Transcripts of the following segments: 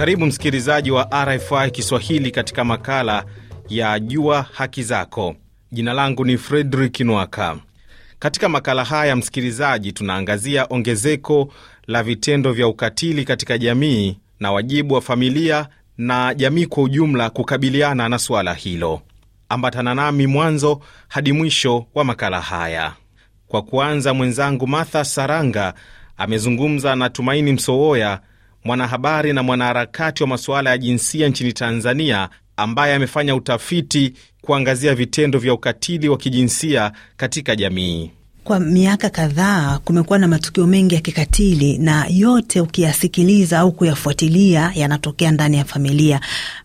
Karibu msikilizaji wa RFI Kiswahili katika makala ya Jua Haki Zako. Jina langu ni Fredrik Nwaka. Katika makala haya msikilizaji, tunaangazia ongezeko la vitendo vya ukatili katika jamii na wajibu wa familia na jamii kwa ujumla kukabiliana na suala hilo. Ambatana nami mwanzo hadi mwisho wa makala haya. Kwa kuanza, mwenzangu Martha Saranga amezungumza na Tumaini Msowoya mwanahabari na mwanaharakati wa masuala ya jinsia nchini Tanzania ambaye amefanya utafiti kuangazia vitendo vya ukatili wa kijinsia katika jamii. Kwa miaka kadhaa kumekuwa na matukio mengi ya kikatili na yote ukiyasikiliza au kuyafuatilia yanatokea ndani ya familia.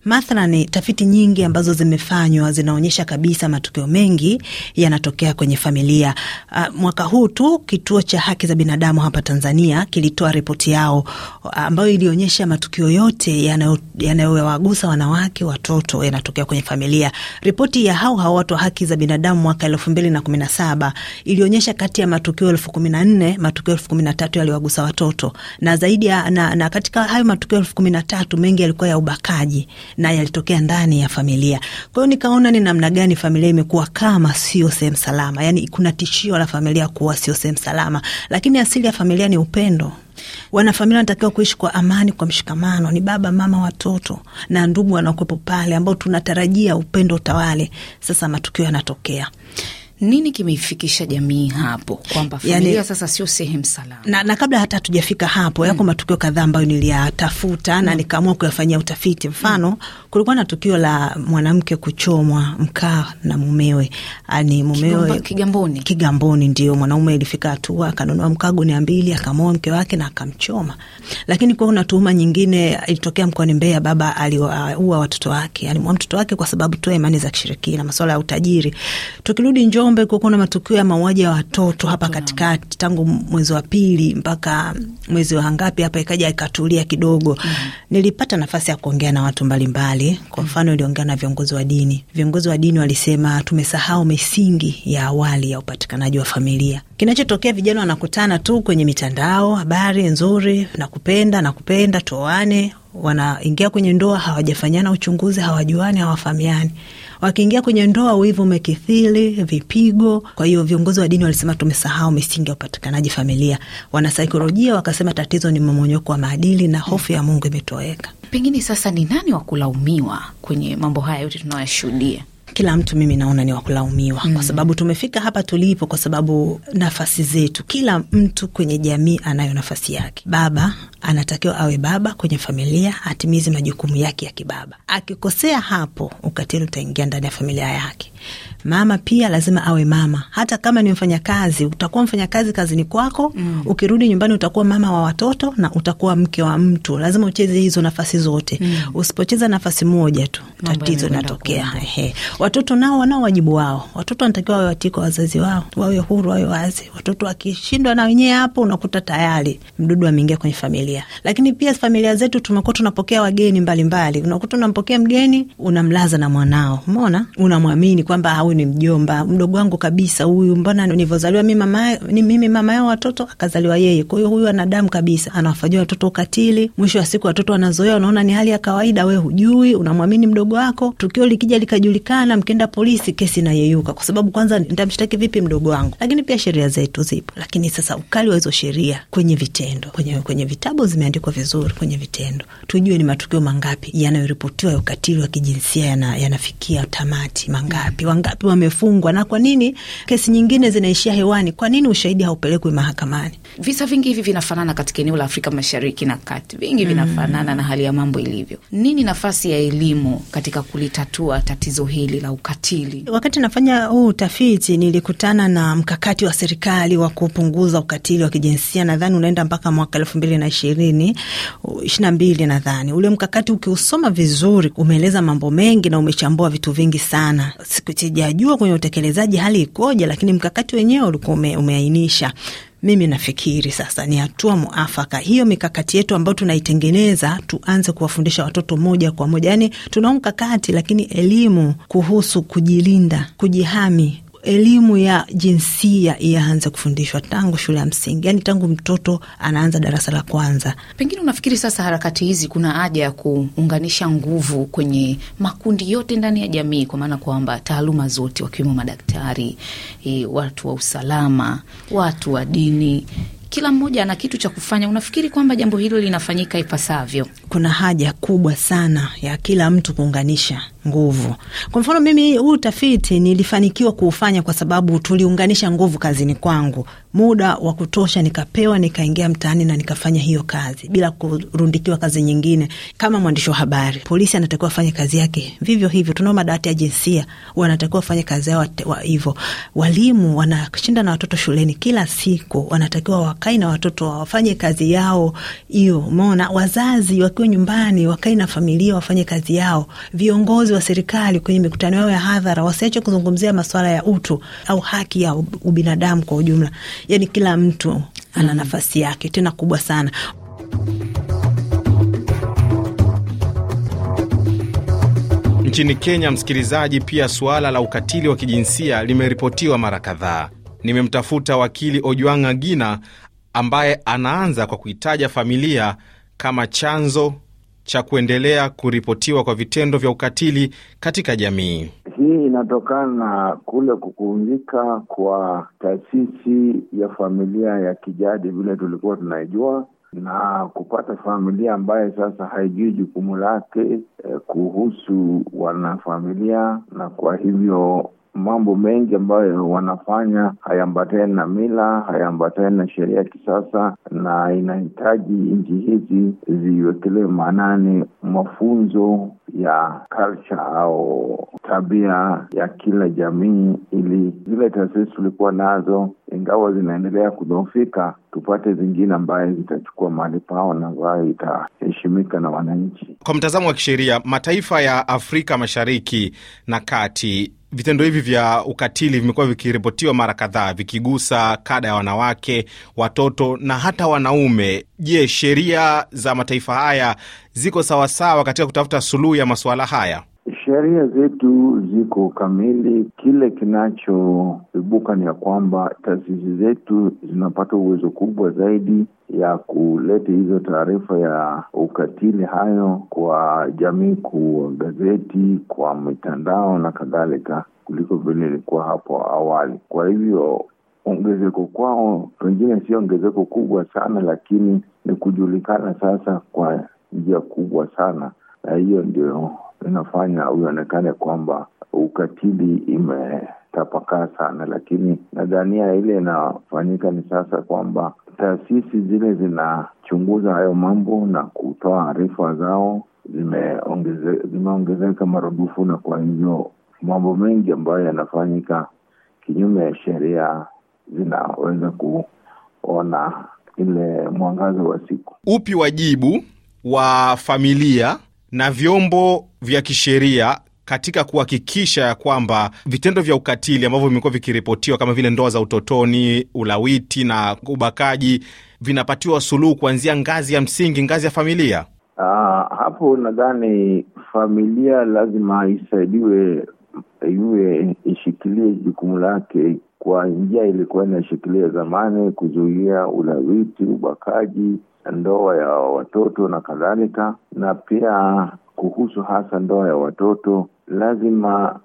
Mathalan, tafiti nyingi ambazo zimefanywa zinaonyesha kabisa matukio mengi yanatokea kwenye familia. Uh, mwaka huu tu kituo cha haki za binadamu hapa Tanzania kilitoa ripoti yao ambayo ilionyesha matukio yote yanayowagusa yana wanawake, watoto yanatokea kwenye familia. Ripoti ya hao hao watu wa haki za binadamu mwaka elfu mbili na kumi na saba ilionyesha inaonyesha kati ya matukio elfu kumi na nne matukio elfu kumi na tatu yaliwagusa watoto na zaidi ya, na, na katika hayo matukio elfu kumi na tatu mengi yalikuwa ya ubakaji na yalitokea ndani ya familia. Kwa hiyo nikaona ni namna gani familia imekuwa kama sio sehemu salama, yani kuna tishio la familia kuwa sio sehemu salama, lakini asili ya familia ni upendo wanafamilia wanatakiwa kuishi kwa amani, kwa mshikamano, ni baba, mama, watoto na ndugu wanaokwepo pale, ambao tunatarajia upendo utawale. Sasa matukio yanatokea nini kimeifikisha jamii hapo kwamba yaani familia yani, sasa sio sehemu salama na, na kabla hata hatujafika hapo mm. yako hmm. matukio kadhaa ambayo niliyatafuta mm. na hmm. nikaamua kuyafanyia utafiti mfano mm. kulikuwa na tukio la mwanamke kuchomwa mkaa na mumewe ani ah, mumewe Kigamboni Kigamboni ndio mwanaume ilifika hatua akanunua mkaa gunia mbili akamoa mke wake na akamchoma lakini kuwa kuna tuhuma nyingine ilitokea mkoani Mbeya baba aliwaua watoto wake alimuua yaani, mtoto wake kwa sababu tu imani za kishirikina masuala ya utajiri tukirudi Njombe kwamba kulikuwa na matukio ya mauaji ya watoto hapa katikati tangu mwezi wa pili mpaka mwezi wa ngapi hapa, ikaja ikatulia kidogo. mm -hmm. Nilipata nafasi ya kuongea na watu mbalimbali. Kwa mm. mfano, niliongea na viongozi wa dini. Viongozi wa dini walisema tumesahau misingi ya awali ya upatikanaji wa familia. Kinachotokea, vijana wanakutana tu kwenye mitandao, habari nzuri, nakupenda, nakupenda, tuoane wanaingia kwenye ndoa hawajafanyana uchunguzi, hawajuani, hawafahamiani. Wakiingia kwenye ndoa, wivu umekithiri, vipigo. Kwa hiyo viongozi wa dini walisema tumesahau misingi ya upatikanaji familia. Wanasaikolojia wakasema tatizo ni mmonyoko wa maadili na hofu ya Mungu imetoweka. Pengine sasa ni nani wa kulaumiwa kwenye mambo haya yote tunayoyashuhudia? kila mtu mimi naona ni wakulaumiwa mm. kwa sababu tumefika hapa tulipo kwa sababu nafasi zetu. Kila mtu kwenye jamii anayo nafasi yake. Baba anatakiwa awe baba kwenye familia, atimize majukumu yake ya kibaba. Akikosea hapo, ukatili utaingia ndani ya familia yake. Mama pia lazima awe mama, hata kama ni mfanyakazi, utakuwa mfanyakazi kazini kwako mm. Ukirudi nyumbani utakuwa mama wa watoto na utakuwa mke wa mtu, lazima ucheze hizo nafasi zote mm. Usipocheza nafasi moja tu, tatizo linatokea. Watoto nao wanao wajibu wao, watoto wanatakiwa wawe watii kwa wazazi wao, wawe huru, wawe wazi. Watoto wakishindwa na wenyewe hapo, unakuta tayari mdudu ameingia kwenye familia. Lakini pia familia zetu tumekuwa tunapokea wageni mbalimbali, unakuta unampokea mgeni, unamlaza na mwanao, umeona, unamwamini kwamba ni mjomba mdogo wangu kabisa huyu, mbona nilivyozaliwa mi mama, ni mimi mama yao watoto akazaliwa yeye, kwa hiyo huyu ana damu kabisa. Anawafanyia watoto ukatili, mwisho wa siku watoto wanazoea, wanaona ni hali ya kawaida, we hujui, unamwamini mdogo wako. Tukio likija likajulikana, mkienda polisi, kesi inayeyuka, kwa sababu kwanza nitamshtaki vipi mdogo wangu? Lakini pia sheria zetu zipo, lakini sasa ukali wa hizo sheria kwenye vitendo, kwenye, kwenye vitabu zimeandikwa vizuri, kwenye vitendo tujue ni matukio mangapi yanayoripotiwa ya ukatili wa kijinsia yanafikia yana tamati mangapi, wangapi wangapi wamefungwa na kwa nini kesi nyingine zinaishia hewani? Kwa nini ushahidi haupelekwi mahakamani? Visa vingi hivi vinafanana katika eneo la Afrika Mashariki na Kati, vingi mm. vinafanana na hali ya mambo ilivyo. Nini nafasi ya elimu katika kulitatua tatizo hili la ukatili? Wakati nafanya huu utafiti, nilikutana na mkakati wa serikali wa kupunguza ukatili wa kijinsia, nadhani unaenda mpaka mwaka elfu mbili na ishirini ishirini na mbili nadhani. Ule mkakati ukiusoma vizuri, umeeleza mambo mengi na umechambua vitu vingi sana. Siku hatujajua kwenye utekelezaji hali ikoje, lakini mkakati wenyewe ulikuwa umeainisha mimi nafikiri sasa ni hatua mwafaka hiyo mikakati yetu ambayo tunaitengeneza, tuanze kuwafundisha watoto moja kwa moja. Yani tunao mkakati, lakini elimu kuhusu kujilinda, kujihami elimu ya jinsia ianze kufundishwa tangu shule ya msingi, yani tangu mtoto anaanza darasa la kwanza. Pengine unafikiri sasa harakati hizi kuna haja ya kuunganisha nguvu kwenye makundi yote ndani ya jamii, kwa maana kwamba taaluma zote, wakiwemo madaktari, e, watu wa usalama, watu wa dini kila mmoja ana kitu cha kufanya. Unafikiri kwamba jambo hilo linafanyika ipasavyo? Kuna haja kubwa sana ya kila mtu kuunganisha nguvu. Kwa mfano mimi huu utafiti nilifanikiwa kuufanya kwa sababu tuliunganisha nguvu kazini kwangu, muda wa kutosha nikapewa, nikaingia mtaani na nikafanya hiyo kazi bila kurundikiwa kazi nyingine. Kama mwandishi wa habari, polisi anatakiwa afanye kazi yake vivyo hivyo. Tunao madawati ya jinsia, wanatakiwa wafanye kazi yao wa hivyo. Walimu wanashinda na watoto shuleni kila siku, wanatakiwa wakae na watoto wafanye kazi yao hiyo. Umeona, wazazi wakiwa nyumbani wakae na familia wafanye kazi yao, viongozi wa serikali kwenye mikutano yao ya hadhara wasiache kuzungumzia masuala ya utu au haki ya ubinadamu kwa ujumla. Yani kila mtu ana mm-hmm. nafasi yake, tena kubwa sana. Nchini Kenya, msikilizaji, pia suala la ukatili wa kijinsia limeripotiwa mara kadhaa. Nimemtafuta wakili Ojwang Gina ambaye anaanza kwa kuitaja familia kama chanzo cha kuendelea kuripotiwa kwa vitendo vya ukatili katika jamii. Hii inatokana na kule kuvunjika kwa taasisi ya familia ya kijadi vile tulikuwa tunaijua na kupata familia ambayo sasa haijui jukumu lake eh, kuhusu wanafamilia, na kwa hivyo mambo mengi ambayo wanafanya hayaambatani na mila, hayaambatani na sheria ya kisasa, na inahitaji nchi hizi ziwekelee maanani mafunzo ya culture au tabia ya kila jamii, ili zile taasisi tulikuwa nazo, ingawa zinaendelea kudhoofika, tupate zingine ambaye zitachukua mahali pao na ambayo itaheshimika na wananchi. Kwa mtazamo wa kisheria, mataifa ya Afrika Mashariki na Kati vitendo hivi vya ukatili vimekuwa vikiripotiwa mara kadhaa, vikigusa kada ya wanawake, watoto na hata wanaume. Je, sheria za mataifa haya ziko sawasawa katika kutafuta suluhu ya masuala haya? Sheria zetu ziko kamili. Kile kinachoibuka ni ya kwamba taasisi zetu zinapata uwezo kubwa zaidi ya kuleta hizo taarifa ya ukatili hayo kwa jamii, kwa gazeti, kwa mitandao na kadhalika, kuliko vile ilikuwa hapo awali. Kwa hivyo ongezeko kwao pengine sio ongezeko kubwa sana, lakini ni kujulikana sasa kwa njia kubwa sana na hiyo ndio inafanya uionekane kwamba ukatili imetapakaa sana, lakini nadhania ile inafanyika ni sasa kwamba taasisi zile zinachunguza hayo mambo na kutoa arifa zao zimeongezeka zime marudufu, na kwa hivyo mambo mengi ambayo yanafanyika kinyume ya sheria zinaweza kuona ile mwangazo wa siku. Upi wajibu wa familia na vyombo vya kisheria katika kuhakikisha ya kwamba vitendo vya ukatili ambavyo vimekuwa vikiripotiwa kama vile ndoa za utotoni, ulawiti na ubakaji vinapatiwa suluhu kuanzia ngazi ya msingi, ngazi ya familia? Uh, hapo nadhani familia lazima isaidiwe, iwe ishikilie jukumu lake kwa njia ilikuwa inashikilia zamani, kuzuia ulawiti, ubakaji ndoa ya watoto na kadhalika, na pia kuhusu hasa ndoa ya watoto, lazima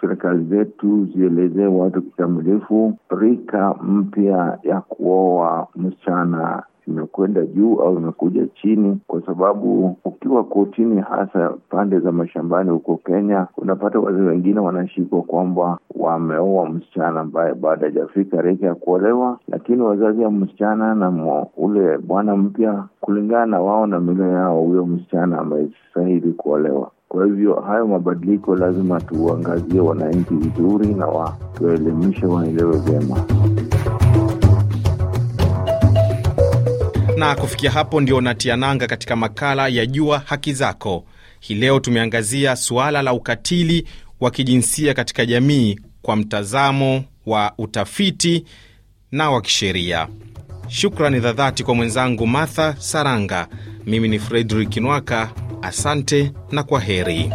serikali zetu zielezee watu kikamilifu rika mpya ya kuoa msichana imekwenda juu au imekuja chini, kwa sababu ukiwa kotini, hasa pande za mashambani huko Kenya, unapata wazee wengine wanashikwa kwamba wameoa msichana ambaye baada hajafika reka ya kuolewa, lakini wazazi wa msichana na ule bwana mpya, kulingana na wao na mila yao, huyo msichana amestahili kuolewa. Kwa hivyo hayo mabadiliko lazima tuangazie wananchi vizuri na watuelimishe waelewe vyema. Na kufikia hapo ndio natia nanga katika makala ya Jua Haki Zako. Hii leo tumeangazia suala la ukatili wa kijinsia katika jamii kwa mtazamo wa utafiti na wa kisheria. Shukrani za dhati kwa mwenzangu Martha Saranga. Mimi ni Fredrik Nwaka, asante na kwa heri.